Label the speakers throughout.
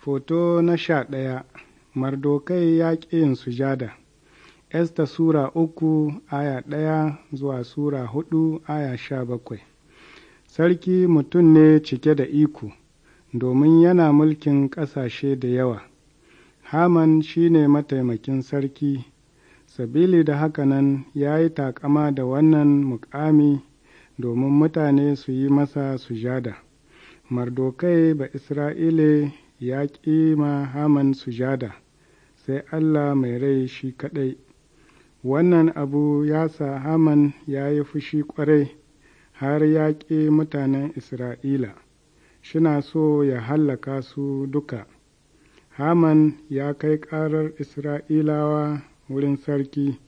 Speaker 1: Foto na sha ɗaya Mardokai ya ƙi yin sujada Esta Sura uku aya ɗaya zuwa Sura hudu aya sha bakwai Sarki mutum ne cike da iko, domin yana mulkin ƙasashe da yawa. Haman shi ne mataimakin sarki, sabili da hakanan ya yi takama da wannan mukami domin mutane su yi masa sujada. Mardokai ba Isra'ile ya ƙi ma haman sujada sai Allah mai rai shi kaɗai wannan abu ya sa haman ya yi fushi ƙwarai har ya ƙi mutanen isra'ila shina so ya hallaka su duka haman ya kai ƙarar isra'ilawa wurin sarki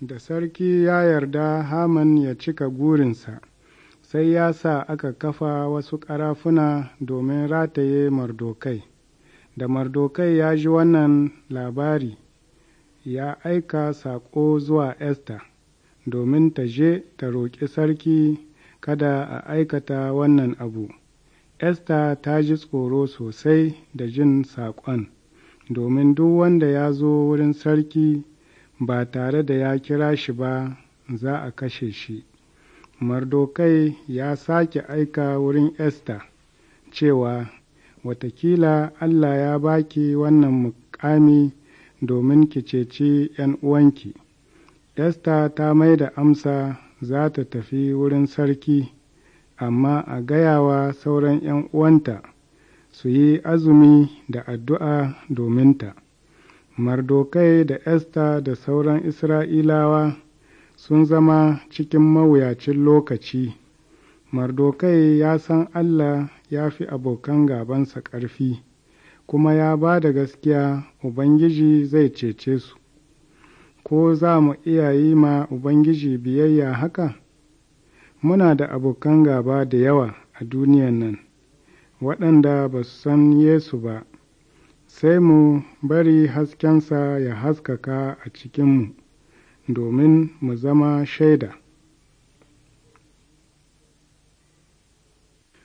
Speaker 1: da sarki ya yarda haman ya cika gurinsa sai ya sa aka kafa wasu ƙarafuna domin rataye mardokai da mardokai ya ji wannan labari ya aika saƙo zuwa esther domin ta je ta roƙi sarki kada a aikata wannan abu esther ta ji tsoro sosai da jin saƙon domin duk wanda ya zo wurin sarki ba tare da ya kira shi ba za a kashe shi mardokai ya sake aika wurin esther cewa watakila allah ya baki wannan mukami domin ki ceci ‘yan uwanki. Esther ta mai da amsa za ta tafi wurin sarki, amma a gayawa sauran ‘yan uwanta su yi azumi da addu'a dominta. Mardokai da Esther da sauran Isra'ilawa sun zama cikin mawuyacin lokaci mardokai ya san allah ya fi abokan gabansa ƙarfi kuma ya ba da gaskiya ubangiji zai cece su ko za mu iya yi ma ubangiji biyayya haka muna da abokan gaba da yawa a duniyan nan waɗanda ba su san yesu ba sai mu bari haskensa ya haskaka a cikinmu domin mu zama shaida.